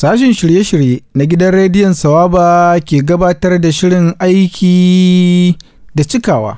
Sashen shirye-shirye na gidan rediyon Sawaba ke gabatar da shirin aiki da cikawa.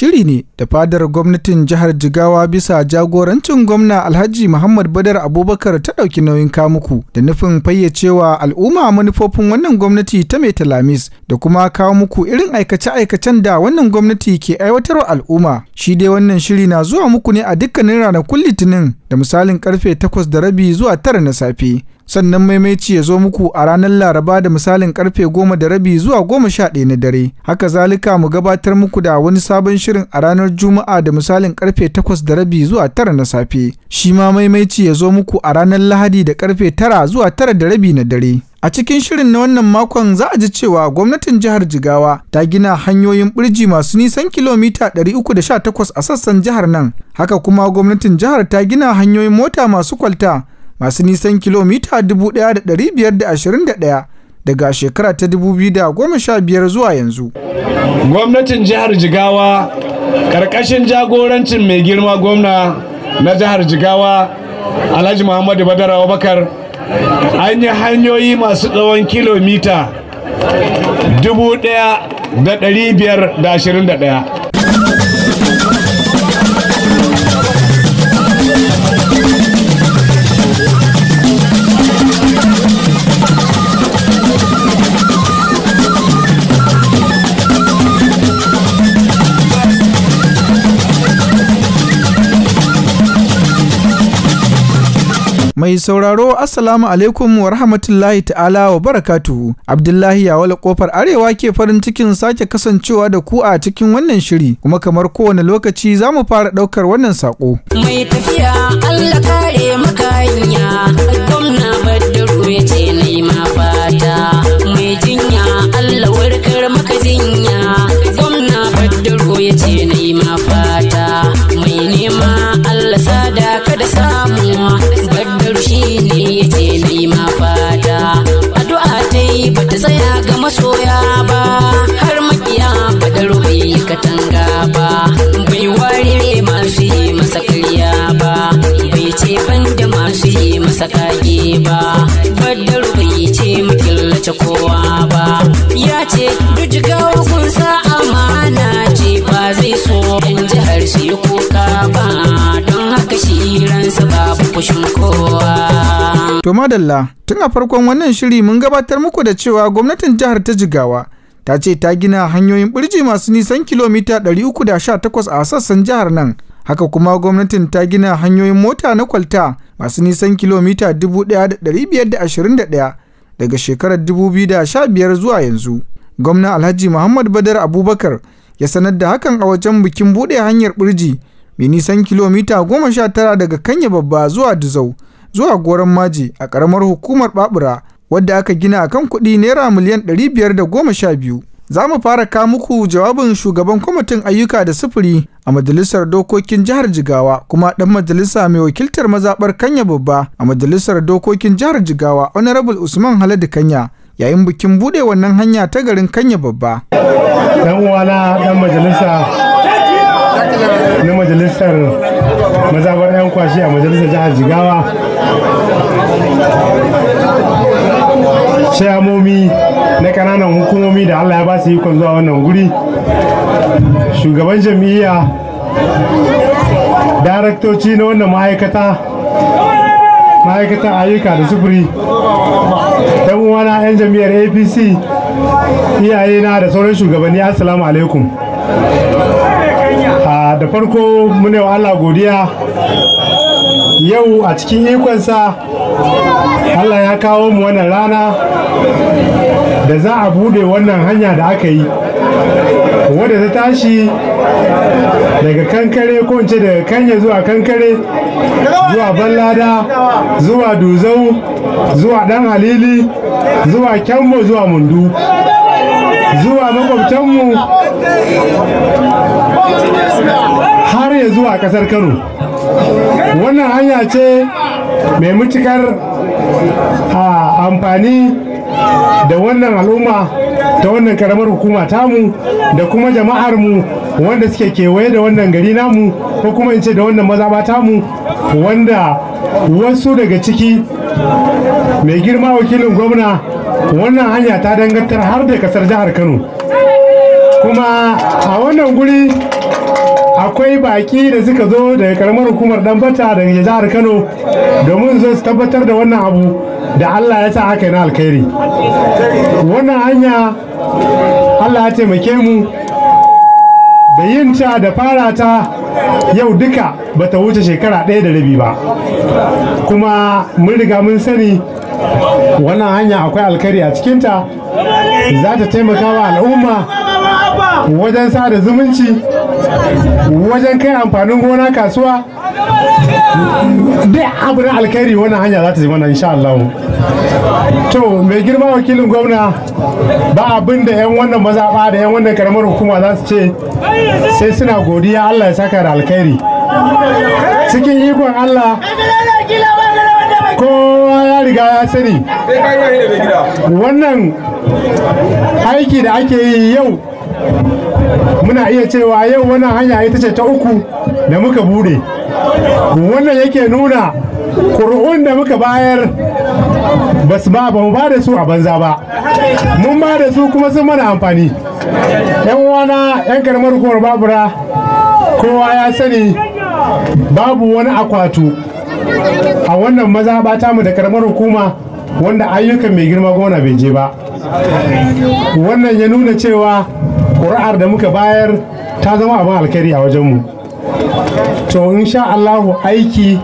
shiri ne da fadar gwamnatin jihar Jigawa bisa jagorancin gwamna Alhaji Muhammad Badar Abubakar ta ɗauki nauyin kamuku da nufin fayyacewa al'umma manufofin wannan gwamnati ta mai talamis da kuma kawo muku irin aikace-aikacen da wannan gwamnati ke aiwatarwa al'umma. Shi dai wannan shiri na zuwa muku ne a dukkanin ranakun Litinin da misalin karfe takwas da rabi zuwa tara na safe. sannan maimaici ya zo muku a ranar laraba da misalin karfe goma da rabi zuwa goma sha ɗaya na dare haka zalika mu gabatar muku da wani sabon shirin a ranar juma'a da misalin karfe takwas da rabi zuwa tara na safe shi ma maimaici ya zo muku a ranar lahadi da karfe tara zuwa tara da rabi na dare A cikin shirin na wannan makon za a ji cewa gwamnatin jihar Jigawa ta gina hanyoyin birji masu nisan kilomita 318 a sassan jihar nan. Haka kuma gwamnatin jihar ta gina hanyoyin mota masu kwalta masu nisan kilomita 1,521 daga shekara ta 2015 zuwa yanzu. Gwamnatin jihar Jigawa ƙarƙashin jagorancin mai girma gwamna na jihar Jigawa Alhaji Muhammadu Badara Abubakar an yi hanyoyi masu tsawon kilomita 1,521. Mai sauraro Assalamu alaikum wa rahmatullahi ta'ala wa barakatu' Abdullahi ya Yawala kofar Arewa ke farin cikin sake kasancewa da ku a cikin wannan shiri kuma kamar kowane lokaci za mu fara ɗaukar wannan sako. Mai tafiya Allah kare gwamna Badaru ce tsaya ga masoya ba har makiya badar bai katanga ba bai ware masu yi masa karya ba bai ce ban da masu yi masa kage ba badar bai ce mu kowa ba ya ce dujigawa kun sa amana ce ba zai so yan jihar su yi kuka ba don haka shi ransa babu kushin kowa To madalla tun a farkon wannan shiri mun gabatar muku da cewa gwamnatin jihar ta jigawa ta ce ta gina hanyoyin birji masu nisan kilomita 318 a sassan jihar nan. Haka kuma gwamnatin ta gina hanyoyin mota na kwalta masu nisan kilomita 1,521 daga shekarar 2015 zuwa yanzu. Gwamna Alhaji Muhammad Badar Abubakar ya sanar da hakan a wajen bikin buɗe hanyar birji mai nisan kilomita 19 daga Kanya Babba zuwa dizau zuwa goron maji a ƙaramar hukumar babura wadda aka gina a kan kuɗi naira miliyan 512 za mu fara ka muku jawabin shugaban kwamitin ayyuka da sufuri a majalisar dokokin jihar jigawa kuma ɗan majalisa mai wakiltar mazaɓar kanya babba a majalisar dokokin jihar jigawa honorable usman haladu kanya yayin bikin buɗe wannan hanya ta garin kanya babba dan uwana dan majalisa mazabar yan kwashi a majalisar jihar jigawa shayamomi na kananan hukumomi da allah ya ba su ikon zuwa wannan guri shugaban jam'iyya daraktoci na wannan ma'aikata ma'aikatan ayyuka da sufuri yan uwana 'yan jam'iyyar apc iyayena da sauran shugabanni assalamu alaikum da farko mune Allah godiya yau a cikin ikonsa Allah ya kawo mu wannan rana da za a bude wannan hanya da aka yi wadda ta tashi daga kankare ko ce daga kanya zuwa kankare zuwa ballada zuwa duzau zuwa dan halili zuwa kyambo zuwa mundu zuwa makwabtanmu har ya zuwa kasar kano wannan hanya ce mai mutukar amfani da wannan al'umma ta wannan karamar hukuma tamu da kuma jama'armu wanda suke kewaye da wannan gari namu ko kuma in ce da wannan mazaba tamu wanda wasu daga ciki mai girma wakilin gwamna wannan hanya ta dangantar har da kasar jihar kano kuma a wannan guri akwai baki da suka zo daga karamar hukumar bata daga jihar kano domin zo su tabbatar da wannan abu da allah ya sa haka na alkhairi wannan hanya allah ya taimake mu da yin ta da fara ta yau duka bata wuce shekara ɗaya da rabi ba kuma mun riga mun sani wannan hanya akwai alkari a cikinta za ta taimaka wa al'umma wajen sada zumunci wajen kai amfanin gona kasuwa dai abu na alkhairi wannan hanya za ta zama insha Allah to mai girma wakilin gwamna ba abin da yan wannan mazaɓa da yan wannan karamar hukuma za su ce sai suna godiya Allah ya saka da alkari cikin ikon Allah kowa ya riga ya sani wannan aiki da ake yi yau muna iya cewa yau wannan hanya ita ce ta uku da muka bude wannan yake nuna ƙuri'un da muka bayar ba su ba ba mu ba da su a banza ba mun ba da su kuma sun mana amfani yan uwana yan karamar hukumar babura kowa ya sani babu wani akwatu a wannan maza ta mu da karamar hukuma wanda ayyukan mai girma gona bai je ba wannan ya nuna cewa ƙuri'ar da muka bayar ta zama abin alkhairi a wajenmu to in sha allahu aiki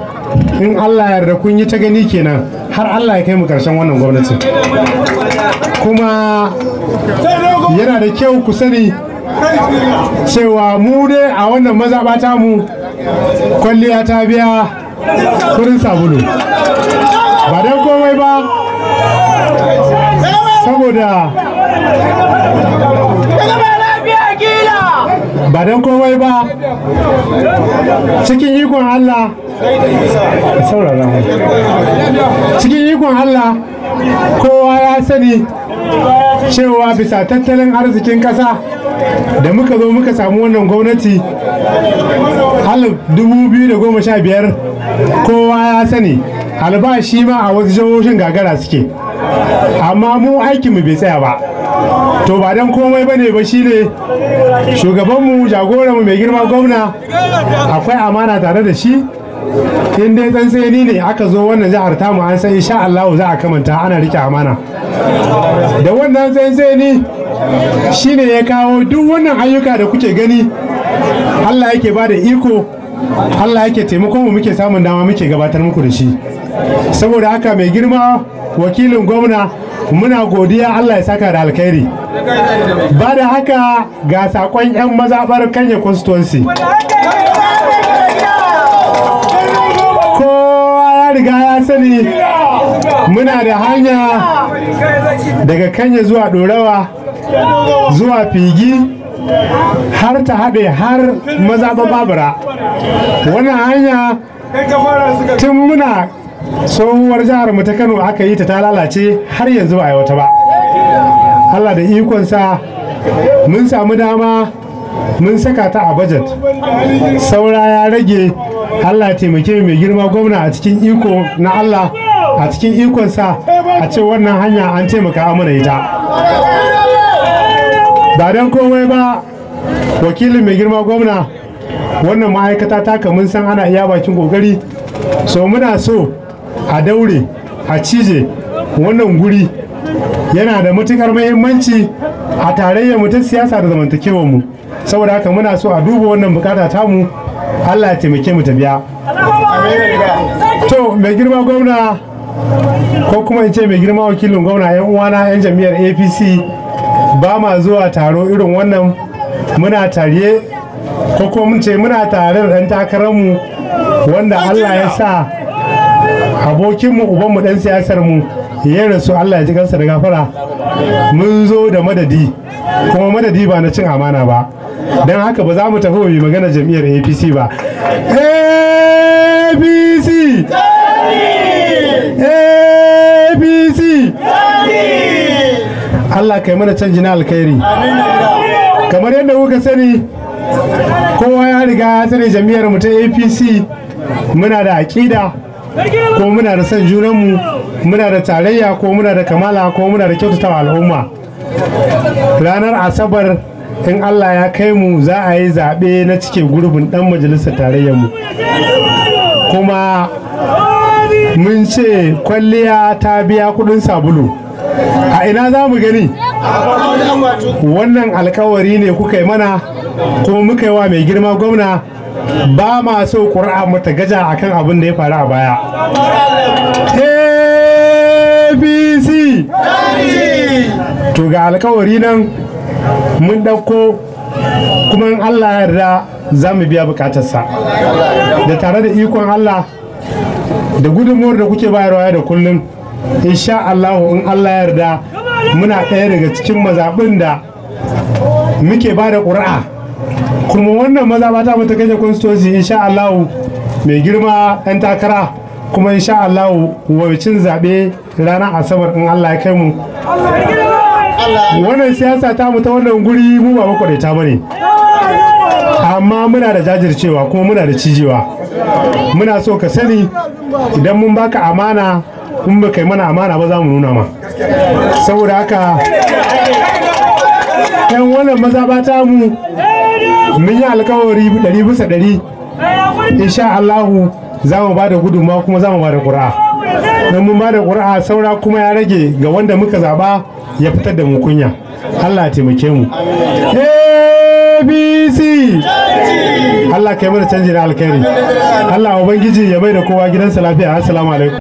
in allah yarda kun yi ta gani kenan har allah ya kai mu karshen wannan gwamnati kuma yana da kyau ku sani cewa mu dai a wannan mazaɓa mu kwalliya ta biya kudin sabulu ba don komai ba saboda ba don komai ba cikin ikon Allah cikin ikon Allah kowa ya sani cewa bisa tattalin arzikin kasa da muka zo muka samu wannan gwamnati halin 2015 kowa ya sani albashi ma a wasu jihohin gagara suke amma mu aikinmu bai tsaya ba to ba don komai ba ne ba shi ne shugabanmu jagoranmu mai girma gwamna akwai amana tare da shi in dai tsantseni ne aka zo wannan jihar tamu an san insha Allah za a kamanta ana rike amana da wannan tsantseni shine ya kawo duk wannan ayyuka da kuke gani Allah yake ba da iko Allah yake taimakon mu muke samun dama muke gabatar muku da shi saboda haka mai girma wakilin gwamna muna godiya Allah ya saka da alkhairi ba da haka ga sakon 'yan mazabar kanya constituency kowa ya riga ya sani muna da hanya daga kanya zuwa dorawa zuwa figi har ta haɗe har maza babura wani hanya tun muna tsohuwar jihar mu ta kano aka yi ta ta lalace har yanzu ba a wata ba allah da ikonsa mun samu dama mun saka ta a bajet saura ya rage allah taimake mai girma gwamna a cikin iko na allah a cikin ikonsa a ce wannan hanya an taimaka mana ita ba don komai ba wakilin mai girma gwamna wannan ma'aikata ta mun san ana iya bakin kokari so muna so a daure a cije wannan guri yana da matukar mahimmanci a tarayyar mu ta siyasa da zamantakewar mu saboda haka muna so a duba wannan bukata mu, Allah ya taimake mu tafiya. to mai girma gwamna ko kuma in ce mai girma wakilin gwamna yan uwana yan jam'iyyar APC ba ma zuwa taro irin wannan muna tarye ko ko mun ce muna tare da ɗan takararmu wanda Allah ya sa abokinmu ubanmu dan siyasar mu ya rasu Allah ya ji kansa da gafara mun zo da madadi kuma madadi ba na cin amana ba don haka ba za mu tafi mai magana jam'iyyar apc ba apc Allah kai mana canji na alkhairi kamar yadda kuka sani kowa ya riga ya sani jami'ar mu ta apc muna da aƙida ko muna da son junanmu muna da tarayya ko muna da kamala ko muna da kyautatawa al'umma ranar asabar in allah ya kai mu za a yi zaɓe na cike gurbin ɗan majalisar tarayyar mu kuma mun ce kwalliya ta biya kuɗin sabulu a ina za mu gani wannan alkawari ne kuka yi mana kuma muka yi wa mai girma gwamna ba ma so kur'a mu ta gaja akan abin da ya faru a baya abc to ga alkawari nan mun ɗauko kuma in allah yarda za mu biya bukatarsa da tare da ikon allah da gudunmuwar da kuke bayarwa da kullum insha Allah in Allah yarda muna ɗaya daga cikin mazaɓin da muke ba da ƙuri'a kuma wannan mazaɓa ta mata da konstituency insha Allah mai girma 'yan takara kuma insha Allah wacin zaɓe ranar asabar in Allah ya kai mu wannan siyasa ta mu ta wannan guri mu ba makwadaita ba ne amma muna da jajircewa kuma muna da cijewa muna so ka sani idan mun baka amana kun ba kai mana amana ba za mu nuna ma saboda haka yan wannan maza ba ta mu mun yi alkawari ɗari bisa ɗari insha Allahu za mu ba da kuma za mu ba da ƙura'a don mun ba da saura kuma ya rage ga wanda muka zaba ya fitar da mu kunya Allah ya taimake mu ABC Allah kai mana canji na alkhairi Allah ubangiji ya bai da kowa gidansa lafiya assalamu alaikum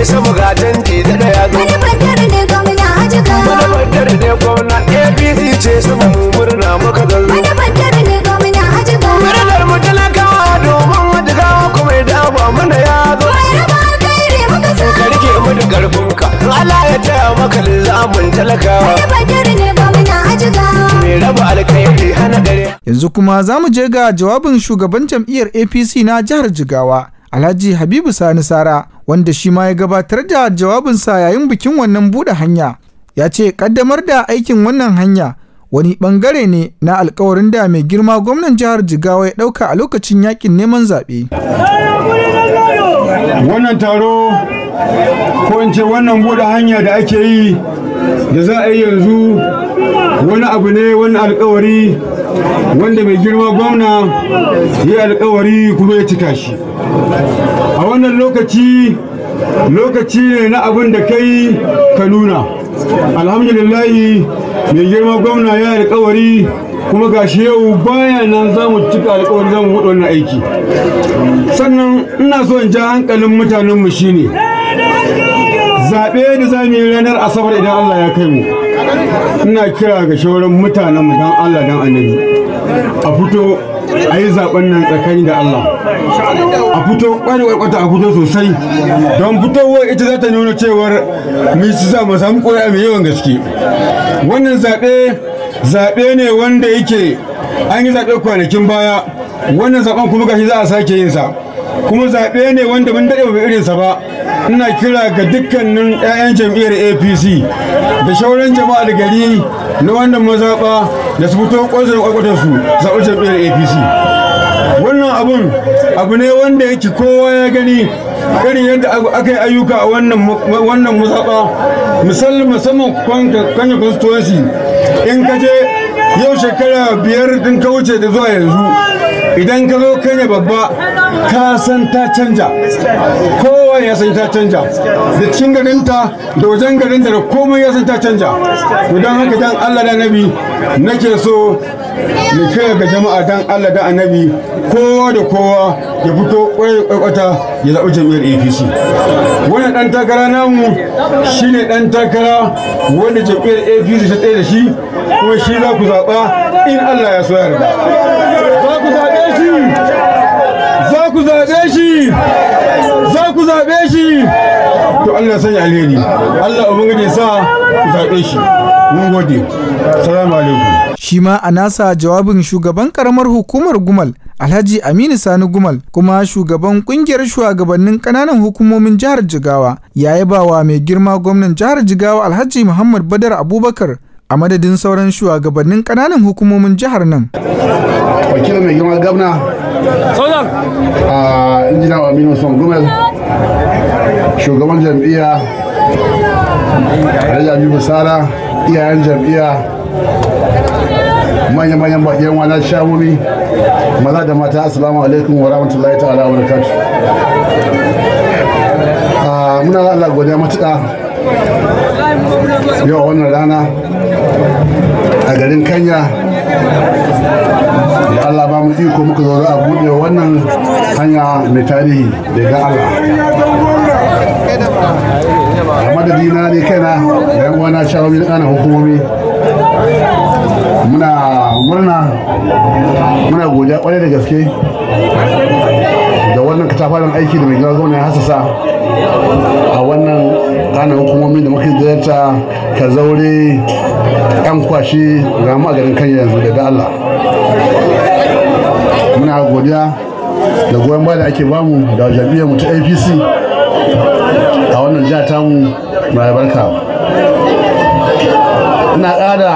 mai sama ga canji da daya zo madafar ne gwamna hajjaka madafar ne gwamna abc ce sama mu murna muka zallo madafar ne gwamna hajjaka murnar mu talakawa domin madigawa kuma ya dafa mana ya zo mai raba alkhairi muka sa karke mu da karfinka Allah ya taya maka lizamin talakawa madafar ne gwamna hajjaka mai raba alkhairi hana dare yanzu kuma za mu je ga jawabin shugaban jam'iyyar apc na jihar jigawa Alhaji Habibu Sani Sara wanda shi ma ya gabatar da jawabinsa yayin bikin wannan buɗe hanya ya ce kaddamar da aikin wannan hanya wani bangare ne na alkawarin da mai girma gwamnan jihar jigawa ya ɗauka a lokacin yakin neman zaɓe. wannan taro ko in ce wannan buɗe hanya da ake yi da za a yi yanzu wani abu ne wani alkawari wanda mai girma gwamna ya alkawari kuma ya cika shi wannan lokaci lokaci ne na abin da kai ka nuna alhamdulillahi mai girma gwamna ya alkawari kuma ga shi yau baya nan za mu cika alkawari za mu buɗe wannan aiki sannan ina so in ja hankalin mutanenmu shine zaɓe da za mu yi ranar asabar idan allah ya kai mu ina kira ga shauran mutanenmu don allah dan annabi a fito a yi zaben nan tsakani da Allah a fito kwani kwarkwata a fito sosai don fitowar ita za ta nuna cewar misi za mu samu ƙuri'a mai yawan gaske wannan zaɓe zaɓe ne wanda yake an yi zaɓe kwanakin baya wannan zaɓen kuma gashi za a sake yin sa kuma zaɓe ne wanda mun daɗe ba sa ba ina kira ga dukkanin 'ya'yan jam'iyyar apc da shauran jama'a da gari na wannan mazaɓa da su fito kwanza da zaɓar jam'iyyar apc wannan abun abu ne wanda yake kowa ya gani irin yadda aka yi ayyuka a wannan mazaɓa musamman kwanka constituency in ka je yau shekara biyar din ka wuce da zuwa yanzu idan ka zo kanya babba ka san ta canja kowa ya san ta canja da cikin garinta da wajen garinta da komai ya san ta canja don haka dan allah da nabi nake so mu kira ga jama'a dan Allah da annabi kowa da kowa ya fito kwaye ya zaɓi jami'ar APC wani dan takara namu shine dan takara wanda jami'ar APC ta tsaye da shi kuma shi za ku zaɓa in Allah ya so ya za ku zaɓe shi za ku zaɓe shi za ku zaɓe shi to Allah sanya alheri Allah ubangiji sa ku zaɓe shi mun gode salamu alaikum shi ma a nasa jawabin shugaban karamar hukumar gumal alhaji aminu sani gumal kuma shugaban kungiyar shugabannin kananan hukumomin jihar jigawa ya yaba wa mai girma gwamnan jihar jigawa alhaji muhammad badar abubakar a madadin sauran shugabannin kananan hukumomin jihar nan wakilin mai girma gwamna a injina aminu son gumal shugaban jam'iyya alhaji abubu iyayen jam'iya, manya-manyan baƙiyan wana shawumi maza da mata assalamu alaikum wa rahmatullahi ta'ala wa barakatu ah, muna Allah godiya matuƙa yau wannan rana a garin kanya da Allah ba mu iko muka zo a buɗe wannan hanya mai tarihi daga Allah a madadina ne kaina da yan uwana shawarwari da ƙanan hukumomi muna murna muna godiya kwarai da gaske da wannan katafaren aiki da mai gina zaune ya hasasa a wannan ƙanan hukumomi da muke ziyarta ka zaure yan kwashi ga mu a garin kan yanzu da Allah muna godiya da goyon baya da ake bamu da jam'iyyar mu ta APC a wannan jiha tamu mai barka ina ƙara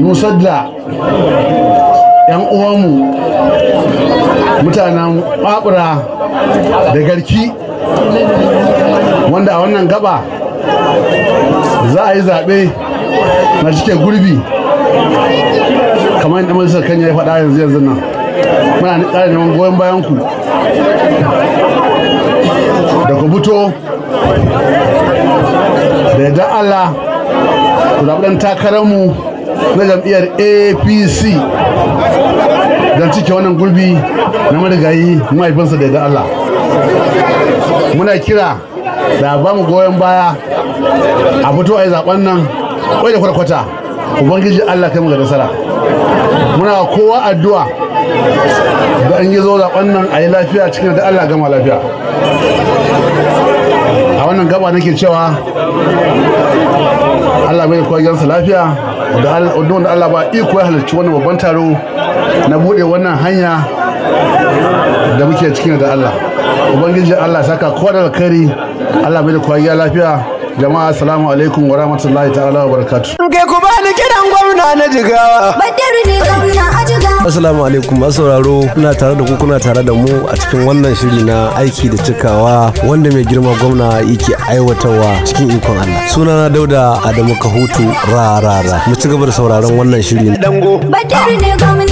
nusar da 'yan uwanmu mutanen babura da garki wanda a wannan gaba za a yi zaɓe na cike gurbi kamar yadda majalisar kan ya faɗa yanzu yanzu nan muna ƙara neman goyon bayan ku da ku fito da yadda Allah ku zaɓi ɗan takararmu na jam'iyyar APC don cike wannan gurbi na marigayi mahaifinsa da yadda Allah muna kira da ba mu goyon baya a fito a yi zaɓen nan kwai da kwarkwata ubangiji Allah kai mu ga nasara muna kowa addu'a da an yi zo zaben nan a yi lafiya cikin da Allah gama lafiya a wannan gaba nake cewa Allah bai kuwa gansa lafiya da wanda Allah ba iko ya halarci wani babban taro na buɗe wannan hanya da muke cikin da Allah ubangiji Allah saka kowa da Allah bai da kwagiya lafiya jama'a assalamu alaikum wa rahmatullahi ta'ala wa barakatu ke ku ku bani kiran gwamna na jigawa ne gwamna a jigawa assalamu alaikum masauraro kuna tare da ku kuna tare da mu a cikin wannan shiri na aiki da cikawa wanda mai girma gwamna yake aiwatarwa cikin ikon Allah Suna na dauda adamu kahutu ra ra ra mu ci gaba da sauraron wannan shiri dango ne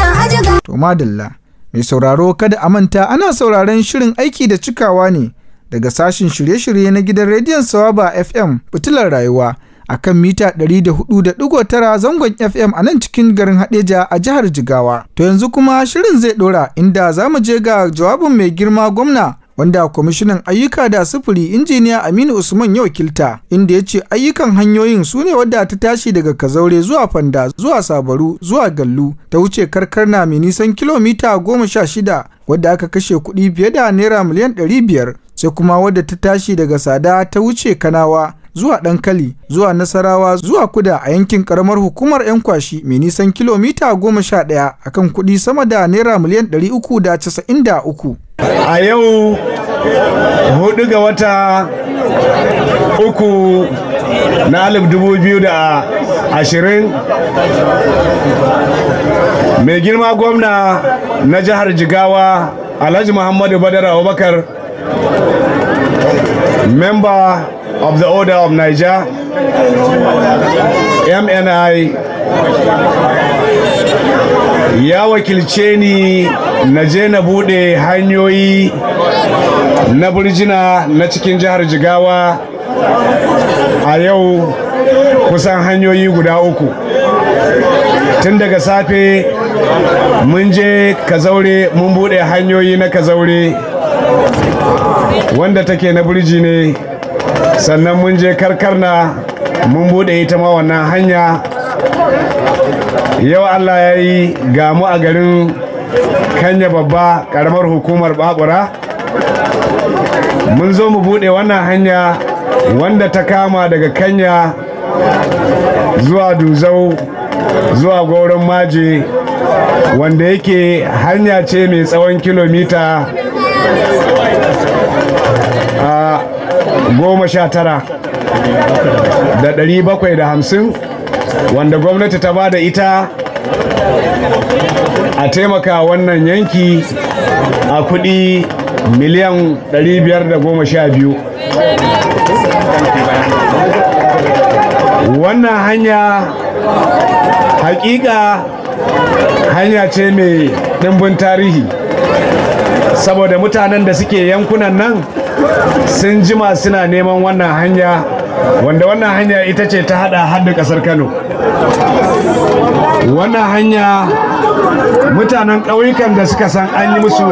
to madalla mai sauraro kada a manta ana sauraron shirin aiki da cikawa ne daga sashin shirye-shirye na gidan rediyon Sawaba FM fitilar rayuwa a kan mita 400.9 zangon FM a nan cikin garin Hadeja a jihar Jigawa. To yanzu kuma shirin zai ɗora inda za mu je ga jawabin mai girma gwamna wanda kwamishinan ayyuka da sufuri injiniya aminu usman ya wakilta inda ya ce ayyukan hanyoyin su ne wadda ta tashi daga kazaure zuwa fanda zuwa sabaru zuwa gallu ta wuce karkarna mai nisan kilomita goma sha shida wadda aka kashe kuɗi fiye da naira miliyan ɗari biyar sai kuma wadda ta tashi daga sada ta wuce kanawa zuwa dankali zuwa nasarawa zuwa kuda a yankin karamar hukumar yan kwashi mai nisan kilomita goma sha ɗaya akan kuɗi sama da naira miliyan ɗari uku da casa'in da uku. a yau hudu ga wata uku na alif dubu biyu da ashirin mai girma gwamna na jihar jigawa alhaji muhammadu badar abubakar member of the Order of Niger, MNI, ya wakilce ni na je na bude hanyoyi na burjina na cikin jihar Jigawa a yau kusan hanyoyi guda uku. Tun daga safe mun je kazaure mun bude hanyoyi na kazaure. wanda take na burji ne sannan mun je karkarna mun bude ita ma wannan hanya yau allah ya yi gamu a garin kanya babba karamar hukumar babura mun zo mu bude wannan hanya wanda ta kama daga kanya zuwa duzau zuwa gauran maje wanda yake hanya ce mai tsawon kilomita goma sha tara da ɗari bakwai da hamsin wanda gwamnati ta ba da ita a taimaka wannan yanki a kuɗi miliyan biyar da goma sha biyu. wannan hanya hakika hanya ce mai ɗimbin tarihi saboda mutanen da suke yankunan nan sun jima suna neman wannan hanya wanda wannan hanya ita ce ta hada haddu kasar kano wannan hanya mutanen ƙauyukan da suka san an yi musu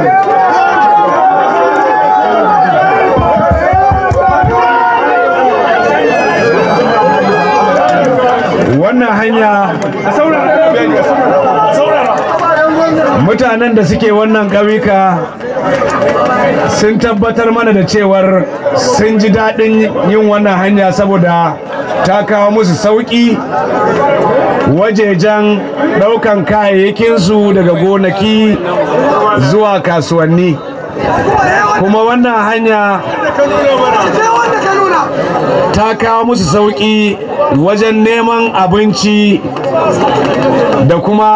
wannan hanya mutanen da suke wannan ƙauyuka sun tabbatar mana da cewar sun ji daɗin yin wannan hanya saboda ta kawo musu sauƙi wajejen ɗaukan kayayyakinsu daga gonaki zuwa kasuwanni kuma wannan hanya ta kawo musu sauƙi wajen neman abinci da kuma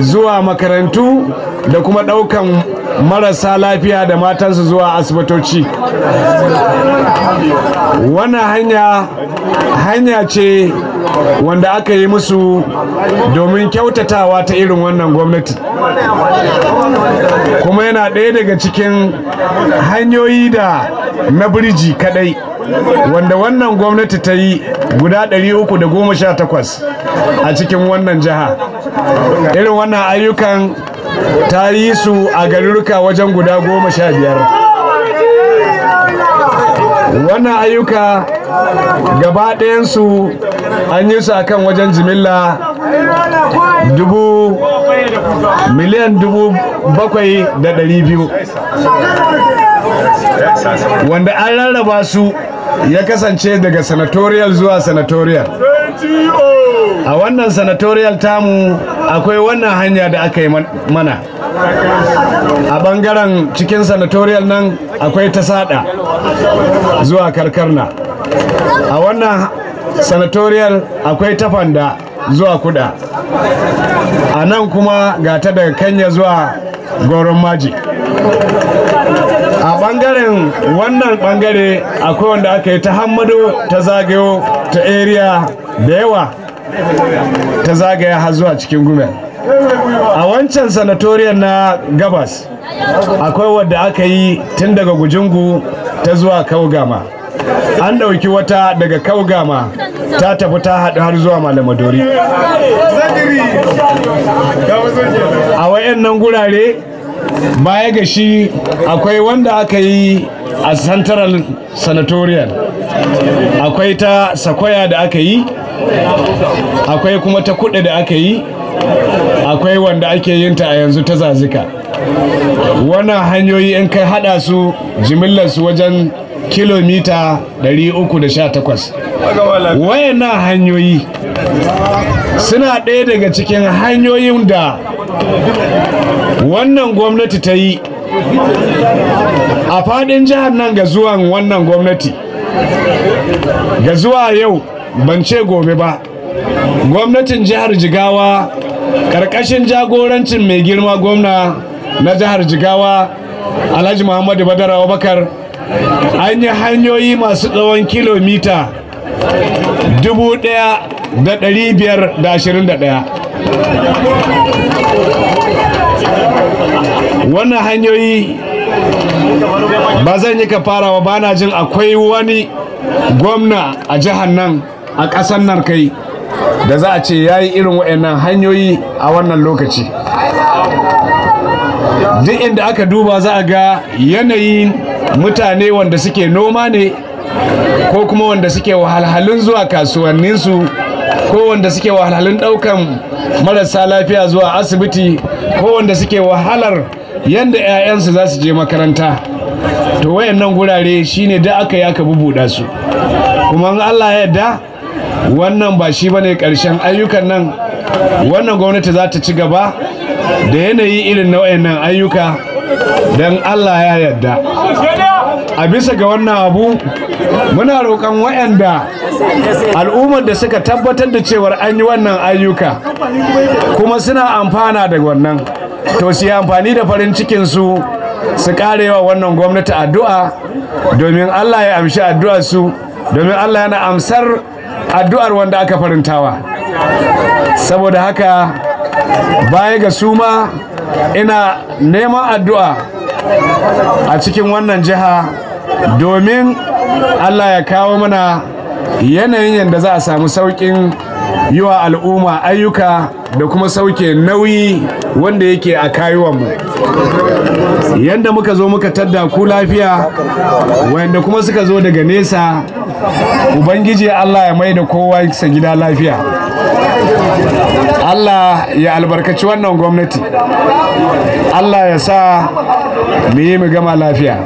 zuwa makarantu da kuma ɗaukan marasa lafiya da matansu zuwa asibitoci wannan hanya hanya ce wanda aka yi musu domin kyautatawa ta irin wannan gwamnati kuma yana ɗaya daga cikin hanyoyi da na birji kadai wanda wannan gwamnati ta yi guda 318 a cikin wannan jiha irin wannan ayyukan tarihi su a garuruka wajen guda goma sha biyar wannan ayyuka gaba ɗayansu an yi su a kan wajen jimilla dubu miliyan dubu bakwai da ɗari biyu wanda an rarraba su ya kasance daga sanatorial zuwa sanatorial a wannan sanatorial tamu akwai wannan hanya da aka yi mana a bangaren cikin sanatorial nan akwai ta sada zuwa karkarna a wannan sanatorial akwai ta fanda zuwa kuda a nan kuma ga ta daga kanya zuwa goron maji a bangaren wannan ɓangare, akwai wanda aka yi ta hammado ta zagayo ta area da yawa ta zagaya har zuwa cikin gumen a wancan sanatoriyar na gabas akwai wadda aka yi tun daga gujungu ta zuwa kaugama an ɗauki wata daga kaugama ta tafi ta haɗu har zuwa malamadori a wayannan gurare baya ga shi akwai wanda aka yi a central sanatorial akwai ta sakwaya da aka yi akwai kuma ta kuɗi da aka yi akwai wanda ake yin ta a yanzu ta zazika wannan hanyoyi in kai hada su jimillarsu wajen kilomita 318 wayannan hanyoyi suna ɗaya daga cikin hanyoyin da wannan gwamnati ta yi a faɗin jihar nan ga zuwan wannan gwamnati ga zuwa yau ban ce gobe ba gwamnatin jihar jigawa karkashin jagorancin mai girma gwamna na jihar jigawa alhaji muhammadu badar abubakar an yi hanyoyi masu tsawon kilomita 1,521 wannan hanyoyi ba zan yi ka farawa ba na jin akwai wani gwamna a jihar nan a ƙasar nan kai da za a ce ya yi irin wa'annan hanyoyi a wannan lokaci duk inda aka duba za a ga yanayin mutane wanda suke noma ne ko kuma wanda suke wahalhalun zuwa kasuwanninsu ko wanda suke wahalhalun ɗaukan marasa lafiya zuwa asibiti ko wanda suke wahalar yadda 'ya'yansu za su je makaranta to wayannan gurare shine da aka yi aka bubuɗa su kuma Allah ya yarda wannan ba shi bane karshen ayyukan nan wannan gwamnati za ta ci gaba da yanayi irin na wayannan ayyuka don Allah ya yarda a bisa ga wannan abu muna roƙon wayanda al'ummar da suka tabbatar da cewar an yi wannan ayyuka kuma suna amfana da wannan to su yi amfani da farin cikinsu su karewa wannan gwamnati addu'a domin Allah ya amshi su domin Allah yana amsar addu'ar wanda aka farintawa. saboda haka baya ga suma ina neman addu'a a cikin wannan jiha domin allah ya kawo mana yanayin yadda za a samu sauƙin yi wa al'umma ayyuka da kuma sauke nauyi wanda yake a kayuwanmu yadda muka zo muka tadda ku lafiya wanda kuma suka zo daga nesa ubangiji allah ya mai da kowa sa gida lafiya allah ya albarkaci wannan gwamnati allah ya sa mu yi mu gama lafiya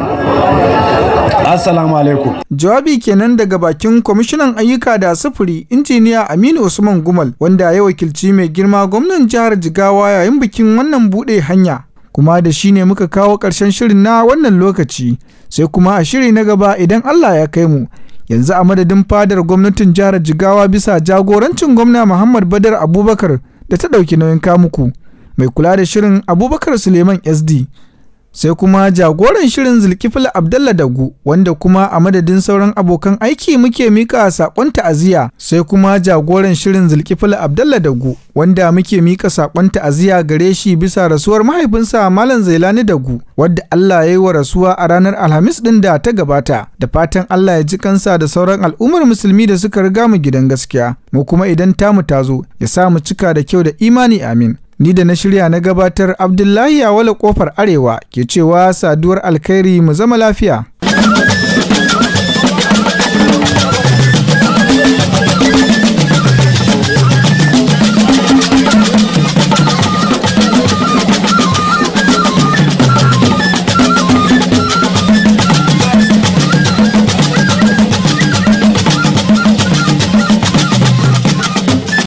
Assalamu alaikum. Jawabi kenan daga bakin kwamishinan ayyuka da sufuri injiniya Aminu Usman Gumal wanda ya wakilci mai girma gwamnan jihar Jigawa yayin bikin wannan bude hanya. Kuma da shi ne muka kawo ƙarshen shirin na wannan lokaci sai kuma a shiri na gaba idan Allah ya kai mu. yanzu a madadin fadar gwamnatin jihar jigawa bisa jagorancin gwamna muhammad badar abubakar da ta ɗauki nauyin kamuku mai kula da shirin abubakar suleiman sd sai kuma jagoran shirin zulkifil abdallah dagu wanda kuma a madadin sauran abokan aiki muke mika sakon ta'aziyya sai kuma jagoran shirin zulkifil abdallah dagu wanda muke mika sakon ta'aziyya gare shi bisa rasuwar mahaifinsa malam zailani dagu wadda allah ya yi wa rasuwa a ranar alhamis din da ta gabata da fatan allah ya ji kansa da sauran al'ummar musulmi da suka riga mu gidan gaskiya mu kuma idan tamu ta zo ya sa mu cika da kyau da imani amin Ni da na shirya na gabatar Abdullahi wale kofar Arewa ke cewa saduwar alkhairi mu zama lafiya.